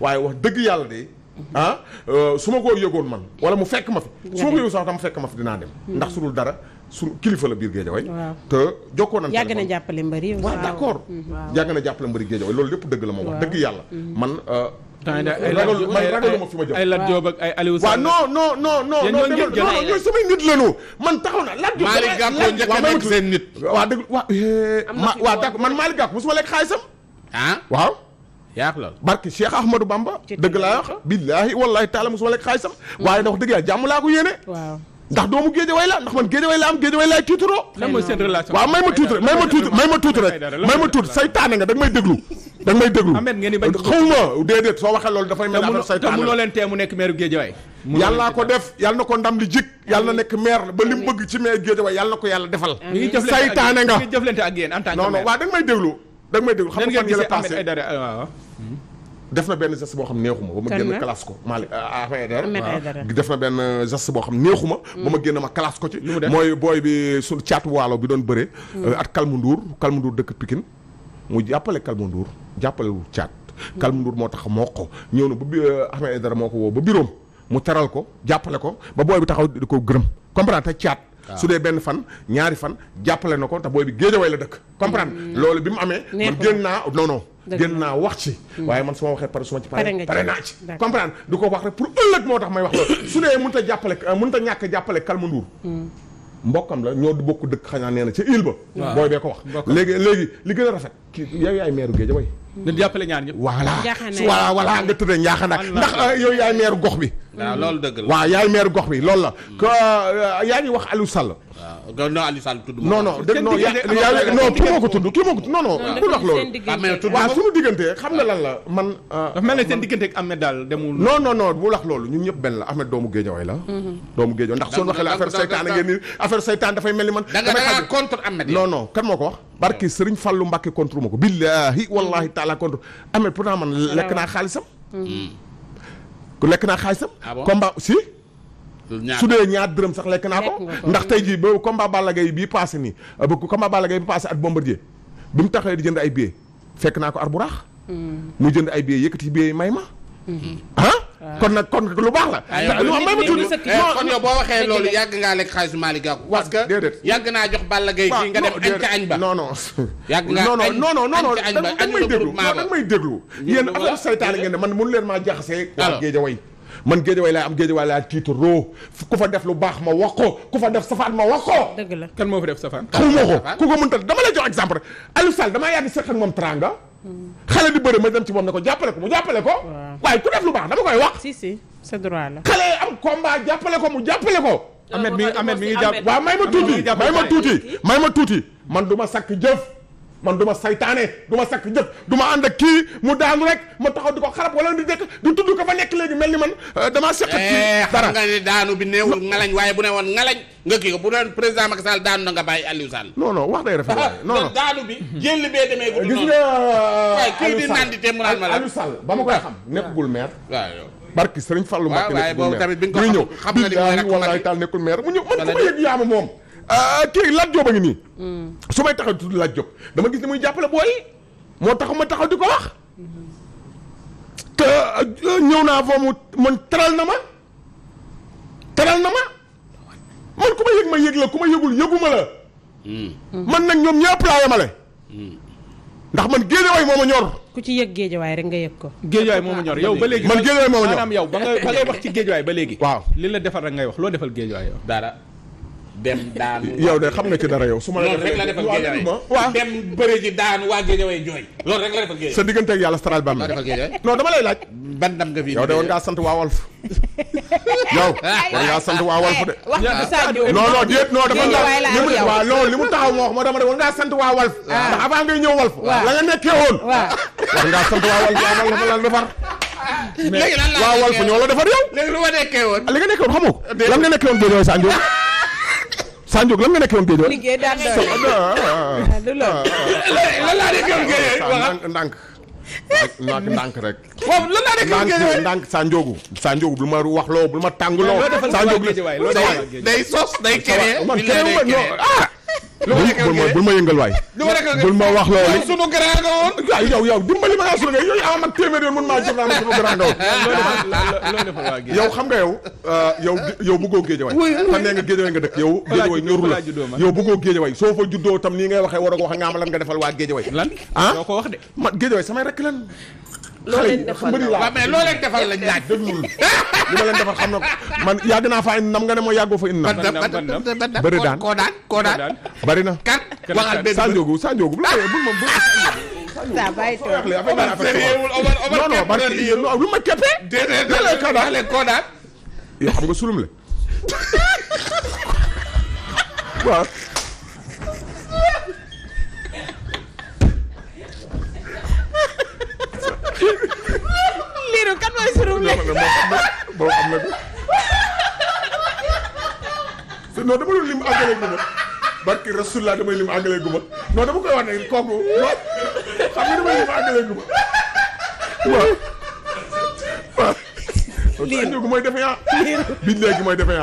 waaye wax dëgg yàlla de ah euh, su ma ko yëgoon man wala mu fekk ma fi mm. su ma ko ma fi dinaa dem ndax su dul dara su kilifa la biir Géejawaay te jokkoo nañ yàgg na jàppale mbëri waaw d'accord yàgg na jàppale mbëri Géejawaay loolu lépp dëgg la ma wax dëgg yàlla man euh, ragaluma fi ma jëm ay Lat Diop ak ay Aliou Sall waaw non non non non non ñooy samay nit lañu man taxaw na Lat Diop Malick Gakou njëkk a nekk seen nit waaw dëgg waaw eh, waaw d'accord man Malick Gakou mosuma lekk xaalisam ah waaw yaa la barke Cheikh Ahmadou Bamba dëgg laa wax billaahi wallaahi taala mosuma lekk xaalisam mm. waaye na wax dëgg yàlla jàmm laa ko yéene waaw ndax doomu géejawaay la ndax man géejawaay la am géejawaay laay tuuti roo lan mooy seen relation waaw may ma tuuti rek may ma tuuti may ma tuuti rek may ma tuuti saytaane nga dag may déglu da nga may déglu xawma déedéet soo waxee loolu dafay mel affaire saytaan te mënoo mu nekk maire Guédiawaye yàllaa ko def yàlla na ko ndam li jik yàlla na nekk maire ba li mu bëgg ci maire Guédiawaye yàlla na ko yàlla defal saytaane nga jëflante ak yéen en tant que non non waaw da nga may déglu da nga may déglu xam nga fan yële ah, def na benn geste boo xam neexuma ba ma génn classe ko maali ah, ah, Ahmed Aidara def na benn geste boo xam neexuma mm. ba ma génn ma classe ko ci mooy booy bi suñu caatu waalo bi doon bëre mm. euh, at Kalmu Ndour Kalmu Ndour dëkk Pikine mu jàppale Calme Ndour jàppalewul caat Calme Ndour moo tax moo ko ñëw no ba bi euh, Ahmed dara moo ko woo ba biroom mu teral ko jàppale ko ba booy bi taxaw di ko gërëm comprendre te caat ah. su dee benn fan ñaari fan jàppale na ko te booy bi géejaway la dëkk comprendre mm. loolu bi mu amee man génn naa non non génn naa wax ci mm. waaye man su ma waxee pare su ma ci pare pare naa ci comprendre du ko wax rek pour ëllëg moo tax may wax loolu [COUGHS] su dee mënut a jàppale euh, mënut a ñàkk jàppale Calme Ndour mm. mbokkam la ñoo bokk dëkk xanaa nee na ca île ba. booy bee ko wax. léegi léegi li gën a rafet. kii yow yaay meeru géej way. dañu jàppale ñaar ñëpp. voilà voilà nga tëddee njaaxanaay ndax euh, yow yaay meeru gox bi. waaw loolu dëgg la waaw yaay meeru gox bi loolu la. que euh, yaa ngi wax Aliou Sall. waaw non Aliou Sall tudd. non non dégg non yàlla non kii moo ko tudd kii moo ko tudd ah, xam nga lan la man. Euh, dafa mel na seen diggante ak Ahmed daal demul. non non bu wax loolu ñun ñëpp benn la Ahmed doomu Géejawaay la. Mhm. doomu Géejawaay ndax soo waxee la affaire saytaan ngeen ni affaire saytaan dafay mel ni man. da nga contre Ahmed non non kan moo ko wax. barki Serigne Fallou Mbacke contre ma ko billahi wallahi taala contre Ahmed pourtant man lekk naa xaalisam. ku mhm. lekk naa xaalisam. Ah su dee ñaar dërëm sax lekk naa ko ndax tey jii ba combat Balla Gaye bii passé nii euh, ba combat Balla Gaye bi passé at Bombardier bi mu taxawee di jënd ay bii fekk naa ko ar bu raax hmm. mu jënd ay billets yëkkati billets yi may ma hmm. ah kon nag kon lu baax la. aywa ah, may ma tuuti eh, kon yow boo waxee loolu yàgg ngaa lekk xaalisu Malick Gakou. parce yàgg naa jox Balla Gaye kii nga dem añ ca ba. non non yàgg ngaa añ non non non non danga may déglu danga may déglu yéen affaire saytaane ngeen ne man mënu leen maa jaxasee. alors waa Géeja way man géejawaay laa am géejawaay laa tiitaroo ku fa def lu baax ma wax ko ku fa def safaan ma wax ko. dëgg la kan moo fa def safaan. xaw ma ko ku ko mënta dama lay jox exemple Aliou Sall damaa yàgg seq ak moom tranga xale di bëri ma dem ci moom ne ko jàppale ko mu jàppale ko. waaye ku def lu baax dama koy wax. si si c'est droit la. xale am combat jàppale ko mu jàppale ko. amet mi amet mi ngi jàpp waaw may ma tuuti may ma tuuti may ma tuuti man du ma sakk jëf man du ma saytaane du ma sakk jot du ànd ak kii mu daanu rek ma taxaw di ko xarab wala di dëkk di tudd ko fa nekk léegi mel ni man euh, dama seq kii eh, dara xam nga ne daanu bi neewul ngalañ waaye bu ne woon ngalañ nga kii ko bu doon président Macky Sall daanu na nga bàyyi Aliou Sall non non wax day rafet waaye [LAUGHS] daanu bi jël bee demee ko gis nga waaye euh, kii di naan di te mu naan ma la Aliou Sall ba ma koy xam nekkul maire waaw barki Serigne Fallou Mbacké nekkul maire muy ñëw bi daanu moom Ah, kii Lat Diop a ngi nii. Hmm. su may taxaw tudd dama gis ne jàppale booy moo tax ma taxaw di ko wax. te euh, ñëw naa foo mu man teral na ma teral na ma man ku ma yëg ma yëg la ku ma yëgul yëguma la. Hmm. man nag ñoom ñëpp laa yemale. Hmm. ndax man géejawaay moo ma ñor. ku ci yëg géejawaay rek nga yëg ko. géejawaay moo ma ñor yow ba léegi. man géejawaay moo ma ñor maanaam yow ba ngay wax ci géejawaay ba léegi. waaw li la defal rek ngay wax loo defal géejawaay yow dara. dem daan. [LAUGHS] yow de xam nga ci dara yow su ma la. rek la defal géej waaw dem bëri ji daan waa géej way jooy. sa diggante ak yàlla saral ban la. non dama lay laaj. ban ndam nga fi yow de war ngaa sant waa Walf. [LAUGHS] yow [LAUGHS] war ngaa sant waa Walf de. non non déet non dafa ndax waaw loolu li mu taxaw moo wax moo dama de war ngaa sant waa Walf. Ah. ndax avant ngay ñëw Walf. la nga nekkee woon. war ngaa sant waa Walf waa Walf la defar. léegi lan la li nga nekkee woon xamoo ko. lan nga nekkee woon Guédiawaye Sadio Sa Ndiogou lan nga nekkoon géej wala. liggéey daan doy ah, ah, ah. [LAUGHS] lan laa nekkoon géej wala ndànk ndànk ndànk rek. waaw lan laa nekkoon géej wala ndànk Sa Ndiogou. Sa Ndiogou bul ma wax loo bul ma tàng loo. Sa Ndiogou day sos day kere. man kere ah. bul ma yëngal waay bul ma wax loolu sunu grand nga woon waaw yow yow dimbali ma naa sunu nga yooyu am ak téeméer yoon mën maa jëm naa sunu grand nga woon [LAUGHS] yow xam nga yow euh, yow yow bëggoo géejawaay xam ne nga géejawaay nga dëkk yow géejawaay ñoru la yow bëggoo géejawaay soo fa juddoo tam nii ngay waxee war a ko wax nga am lan nga defal waa géejawaay lan ah doo ko wax de man géejawaay samay rek lan loo leen defal la mais loo leen defal lañ laaj déglul [LAUGHS] ma leen defal xam na ko man yàgg naa fa indi nam nga ne moo yàggoo fa indi nam bëri daan koo daan koo daan bari na. kan waxal benn bu la xam nga sulum la. waaw. liiru mooy sulum la. boo xam ne. non dama barki rasulullah damay lim àggale guma non dama koy wax ne kooku non xam nga damay lim àggale guma waaw waaw. lii mooy defe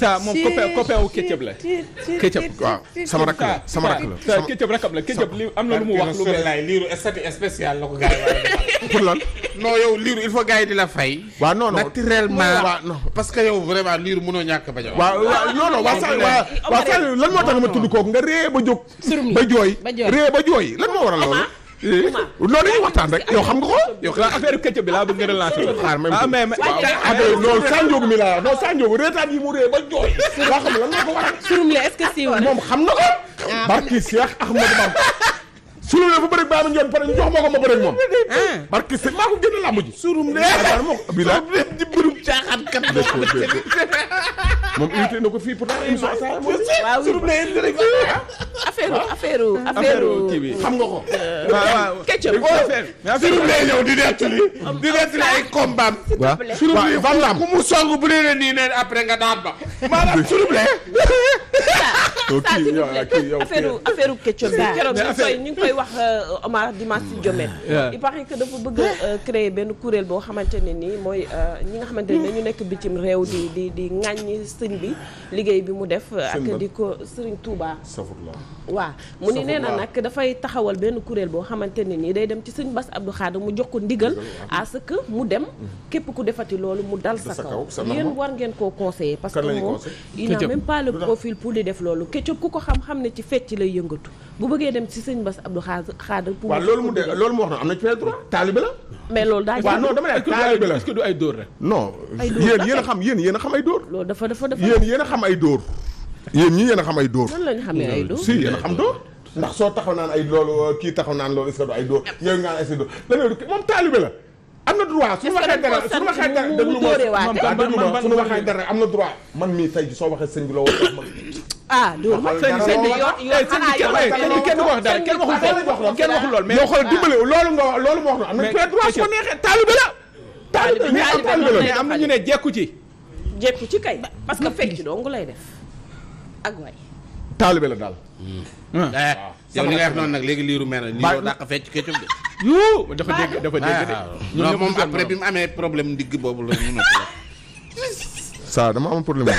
saa moom coppe coppeewu ketchup la. ketchup waaw sama rakk la sama rakk la. sama ketchup rakkam la ketchup li am na lu mu wax lu mel. liiru statut spécial la ko gars yi [LAUGHS] pour lan yi di la fay. waaw non non naturellement parce que yow vraiment liiru mënoo ñàkk bañ a. waaw waaw non non waaw sa waaw lan moo tax ma tudd kooku nga ree ba jóg. ba jooy ree ba jooy lan moo waral loolu. Eh, noonu dañuy waxtaan rek yow xam nga ko. yow xanaa affaire këccëg bi laa bëgg nga relancé. xaar ah, même ah mais mais ah, non Sanjoogu mi laa non Sanjoogu xam lan la xam na ko. Ah, barki Cheikh Ahmadou Bamba surum ne fu bëreeg baax na ñoom pare ñu jox ko ma bëreeg moom. parce ah. que maa ko gën a làmb ji. surum ne ko. bilaay surum ne moom invité na ko fii pour naan émission saa moom. waaw surum ne yéen di nettali. di ay combat. waaw surum ne waaw ku mu song bu dee nii ne après nga daan ba. maanaam surum [LAUGHS] ne. saa surum ne affaire affaire keccam bi keroog wax euh, Omar Dimassi Diomène il paraît que dafa bëgg a euh, benn kuréel boo xamante ne nii mooy euh, ñi nga xamante ne dañu nekk bitim réew di di di ŋàññi sëñ bi liggéey bi mu def ak di ko sëriñ Touba waaw mu ni nee na nag dafay taxawal benn kuréel boo xamante ne nii day dem ci sëñ Bass Abdou Khadre mu jox ko ndigal à ce mu dem mhm. képp ku defati loolu mu dal sa kaw yéen war ngeen koo conseiller parce que moom il n'a même le profil pour li def loolu Ketchup ku ko xam-xam ne ci fecc lay yëngatu bu bëggee dem si sëñ Bass Abdou Khadre. pour waaw loolu mu de loolu mu wax noonu am na ci droit taalibe la. mais loolu a yéen yéen xam ay dóor. loolu dafa dafa dafa yéen yéen a xam ay dóor. yéen ñii yéen a xam ay dóor. nan la ñu xamee si yéen a xam dóor. ndax soo taxaw naan ay loolu kii taxaw naan loolu est-ce que du ay dóor yow nga naan ay dóor loolu moom taalibe la. am na droit su ma waxee dara su ma waxee dara am na droit man mii tey soo waxee sëñ bi loo wax ah loolu mooy seen seen yoon yoon eh, xanaa yoon kenn kenn wax dara kenn waxul foofu kenn waxul loolu am ah. la taalibe am na ñu ne jekku ci jekku ci kay parce que fekk dong lay def ak waay taalibe la daal hmm. ah. eh, yow li nga wax noonu nag léegi liiru mel na liiru dàq fecc keccum de yoo dafa dégg dafa dégg de ah, non moom après bi mu amee problème ndigg boobu la ñu nopp la dama am problème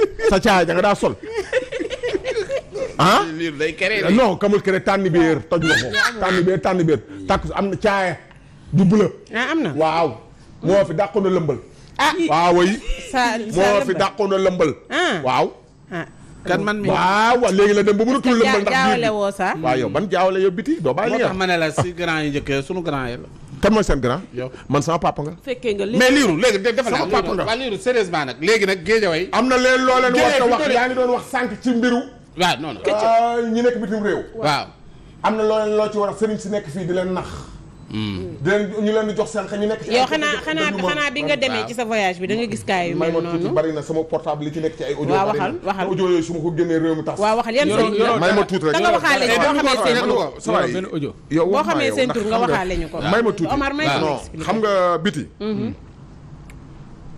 sa caay da nga daa sol. ah [LAUGHS] liir day kere non kamul kere tànn biir toj na ko tànn biir tànn am na caaya du bula. ah am na waaw. moo fi dàqoon a lëmbal. ah waaw waay. a lëmbal. Ah. waaw. Ah. kan man mi waaw léegi la dem ba mënatul lëmbal. ndax jaawale woo sa waaw yow jaawale yow biti doo bàyyi. moo tax ma la si grand yi njëkkee sunu grand yi la. kan mooy seen grand. yow man sama papa nga. fekkee nga mais liiru léegi defal sama papa nga. waaw liiru sérieusement nag léegi nag géejaway. am na leen loo wax yaa doon wax sànq ci mbiru. waaw non non ñi nekk bitim réew. waaw am na loo leen loo ci war a sëriñ si nekk fii di leen nax ñu leen di jox seen xëy ñu nekk ci yow xanaa xanaa bi nga demee ci sa voyage bi da nga gis kaay yu mel noonu bari na sama portable li ci nekk ci ay audio waxal waxal audio yooyu su ma ko waaw waxal yan may ma tuuti rek da nga waxaale ñu boo xamee seen tur benn audio boo xamee seen tur ko may ma tuuti Omar may xam nga biti mm-hmm.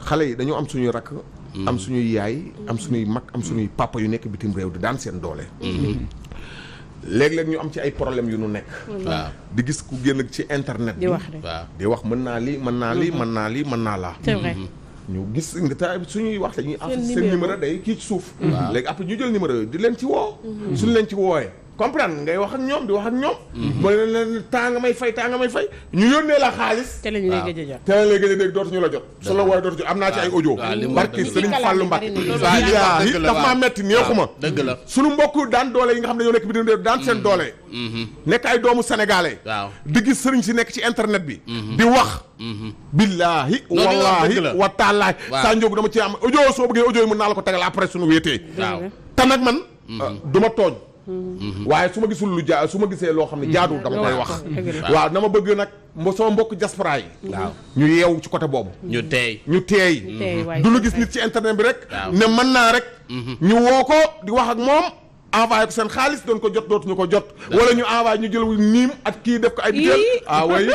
xale yi dañu am suñuy rakk am mm-hmm. suñuy yaay am suñuy mag am suñuy papa yu nekk bitim réew di daan seen doole mm-hmm. léeg-léeg ñu am ci ay problème yu nu nekk. Mm-hmm. waaw di gis ku génn ci internet bi. di wax di wax mën naa lii mën naa lii mm-hmm. mën naa lii mën naa laa. c'est vrai mm-hmm. ñu gis nga ta suñuy wax dañuy. seen numéro seen numéro day kii suuf. léegi après ñu jël numéro yooyu di leen ci woo. suñu leen ci wooyee. comprendre ngay wax ak ñoom di wax ak ñoom. Mhm. ba leen temps nga may fay temps nga may fay ñu yónnee la xaalis. te lañ lay a jot te lañ lay a dégg dootuñu la jot. su la wooyee dootuñu am naa ci ay audio. barki Serigne Fallou Mbacké. Mhm. daan doole yi nga xam ne ñoo nekk bi dina daan seen mhm. doole. ay doomu sénégalais. waaw di gis sëriñ si nekk ci internet bi. di wax. billaahi wallaahi wa taalaahi. waaw saa njóogu dama ci am audio soo bëggee audio yi mën naa la ko tegal après sunu wéetee. waaw te nag man. Ah, du ma tooñ Mm-hmm. waaye su ma gisul lu jaa su ma gisee loo xam ne mm-hmm. jaadul dama koy wax waaw na ma bëgg nag sama mbokk diaspora yi waaw ñu yeew ci côté boobu ñu teey ñu teey mm-hmm. du lu gis nit ci internet bi rek ne mën naa rek ñu woo ko di wax ak moom envoyé ko seen xaalis doon ko jot dootuñu ko jot wala ñu envoyé ñu jël niim ak kii def ko ay biteel ah oui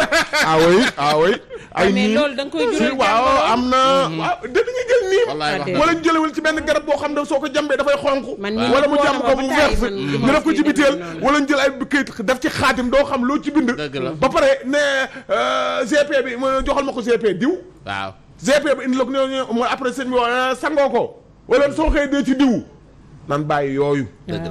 ah ah ay niim ah, loolu da nga koy waaw am na waaw mm-hmm. ah, dinañu jël niim wala ñu jëlewul ci benn garab boo xam ne soo ko jàmbee dafay xonq wala mu jàmb ko mu weex fi def ko ci biteel wala ñu jël ay këyit def ci xaatim doo xam loo ci bind ba pare ne euh, GP bi joxal ma ko GP diw waaw GP bi indi la ko ne mooy après seen bi wax ah, sangoo ko wala soo xëy dee ci diw nan bàyyi yooyu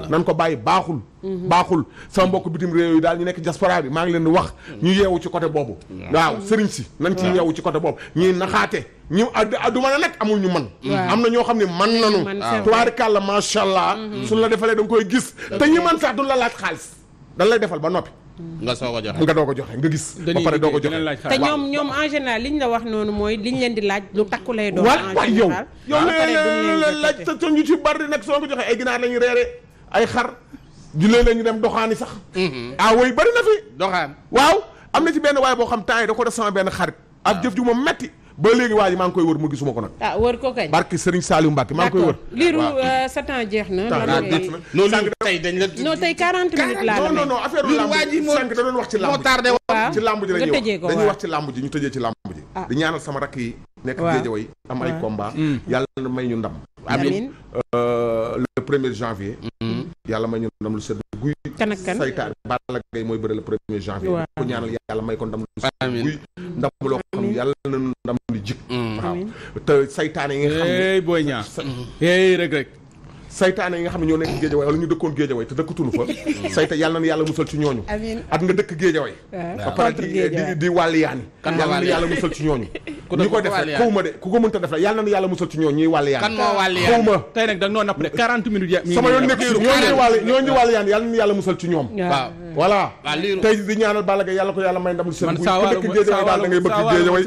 nan ko bàyyi baaxul Mm-hmm. baaxul sama mbokk bitim réew yi daal ñu nekk diaspora bi maa ngi leen di wax ñu yeewu ci côté boobu waaw sëriñ si nañ ci yeewu ci côté boobu ñuy naxaate ñu addu mën a nag amul ñu man am na ñoo xam ne man nanu tubaarikàlla macha allah mm-hmm. suñ la defalee da nga koy gis te ñi man sax duñ la laaj xaalis dañ lay defal ba noppi mm-hmm. nga soo ko joxe nga doo ko joxe nga gis. ba pare doo ko joxe te ñoom ñoom en général liñ la wax noonu mooy liñ leen di laaj lu takku lay doon. en général yow yow laaj te ñu ci bari nag soo di léeg dem doxaani sax. Mhm. ah woy bari fi. doxaan waaw am na ci benn waay boo xam temps yi da ko def sama benn xarit. ak ah. jëf ju metti ba léegi waa maa ngi koy wër mu gisuma ko nag. ah wër ko kañ. maa ngi koy wër. liiru euh, sa jeex na. lan ngay non tey dañ la. non tey 40 minutes laa la non non da doon wax ci lamb ji. Ah. ci lamb ji la ñuy wax dañuy wax ci lamb ji ñu tëjee ci lamb ji. Ah. di ñaanal sama rakk yi. nekk géejawaay am ay combat mm. yàlla may amiin euh, le premier janvier mm-hmm. yàlla may ñu ndam lu sedd guy saytaar Balla Gaye mooy bëre le premier janvier ko ñaanal yàlla may ko ndam lu sedd guy ndam loo xam yàlla nañu ndam lu jik mm-hmm. waaw te saytaane yi nga xam ne booy ñaar hey rek mm-hmm. rek saytaane yi nga xam ne ñoo nekk géejawaay wala ñu dëkkoon géejawaay te dëkkatunu fa mm. sayta yàlla na yàlla yàlla musal ci ñooñu [LAUGHS] ñi koy def rek de ku ko mënta def rek yàlla na yàlla yàlla musal ci ñoom waaw tey di ñaanal Balla Gaye yàlla ko yàlla may ndam lu seen ku dëkk géejawaay daal da bëgg géejawaay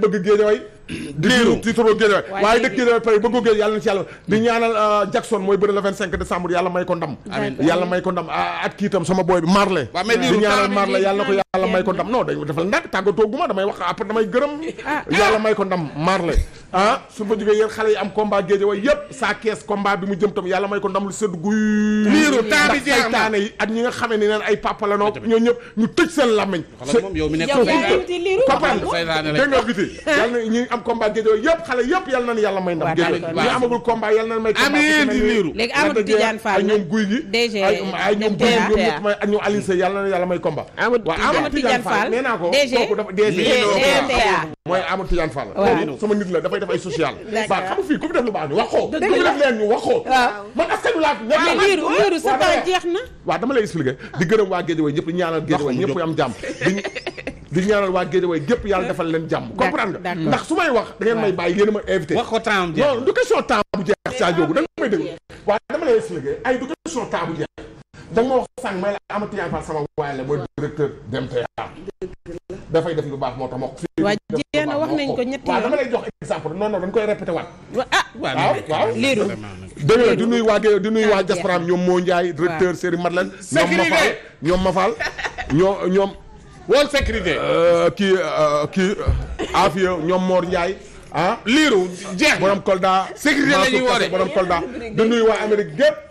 da bëgg géejawaay diiru tiitaro Guédiawaye waaye dëkk Guédiawaye pare bëggo Guédiawaye yàlla na ci yàlla di ñaanal euh, Jackson mooy bëri le 25 décembre yàlla may ko ndam yàlla may ko ndam at kii itam sama booy bi Marley di ñaanal Marley yàlla na ko yàlla may ko ndam non dañu defal ndànk tàggatoo gu ma damay wax après damay gërëm. [LAUGHS] Ah, ah. yàlla may ko ndam Marley. ah su fa jógee yéen xale yi am combat géej way yëpp saa kees combat bi mu jëm tam yàlla may ko ndam lu sedd guy. liiru taa bi jeex na yi ak ñi nga xamee ne neen ay papa la noo ñoo ñëpp ñu tëj seen làmmiñ. xoolal moom yow mi nekk dégg nga biti yàlla na ñi am combat géej way yëpp xale yëpp yàlla nañu yàlla may ndam géej ñi amagul combat yàlla nañu may amiin di liiru léegi Amadou Tidiane Fall ak ñoom guy gi ay ñoom guy gi ñoom ñëpp may ak ñoom Alioune Seye yàlla na yàlla may combat waaw Amadou Tidiane Fall nee naa ko kooku dafa DG mooy Amadou Tidiane Fall sama nit la dafay def ay social baa xam fii ku fi def lu baax ñu wax ko ku fi def leen ñu wax man askanu laa ah, liiru liiru jeex na waa dama lay expliquer di gërëm waa Guédiawaye ñëpp di ñaanal Guédiawaye ñëpp am jàmm di ñaanal waa Guédiawaye gépp yàlla defal leen jàmm comprendre nga ndax su may wax da ngeen may bàyyi yéen a ma invité wax ko temps bu jeex non du question temps bu jeex saa jógu da may dégg waaye dama ay du question temps bu da nga ma wax sànq may la Amadou Tidiane Fall sama waay la mooy directeur DMTA. dafay def lu baax moo tax ma wax. waaw jéem a wax nañ ko ñetti yoon waaw dama dañ koy répété waat. ah waaw waaw liiru. dëgg la di nuyu waa Guèye ah, di nuyu waa Jasparaam ñoom Moo Ndiaye directeur Serigne Madeleine. sécurité ñoom Mafal ñoom ñoo ñoom. [LAUGHS] woon sécurité. Euh, kii euh, ki euh, Afia ñoom Mor Ndiaye. ah liiru jeex borom Kolda. sécurité la ñuy wooree borom Kolda di nuyu waa Amérique gépp.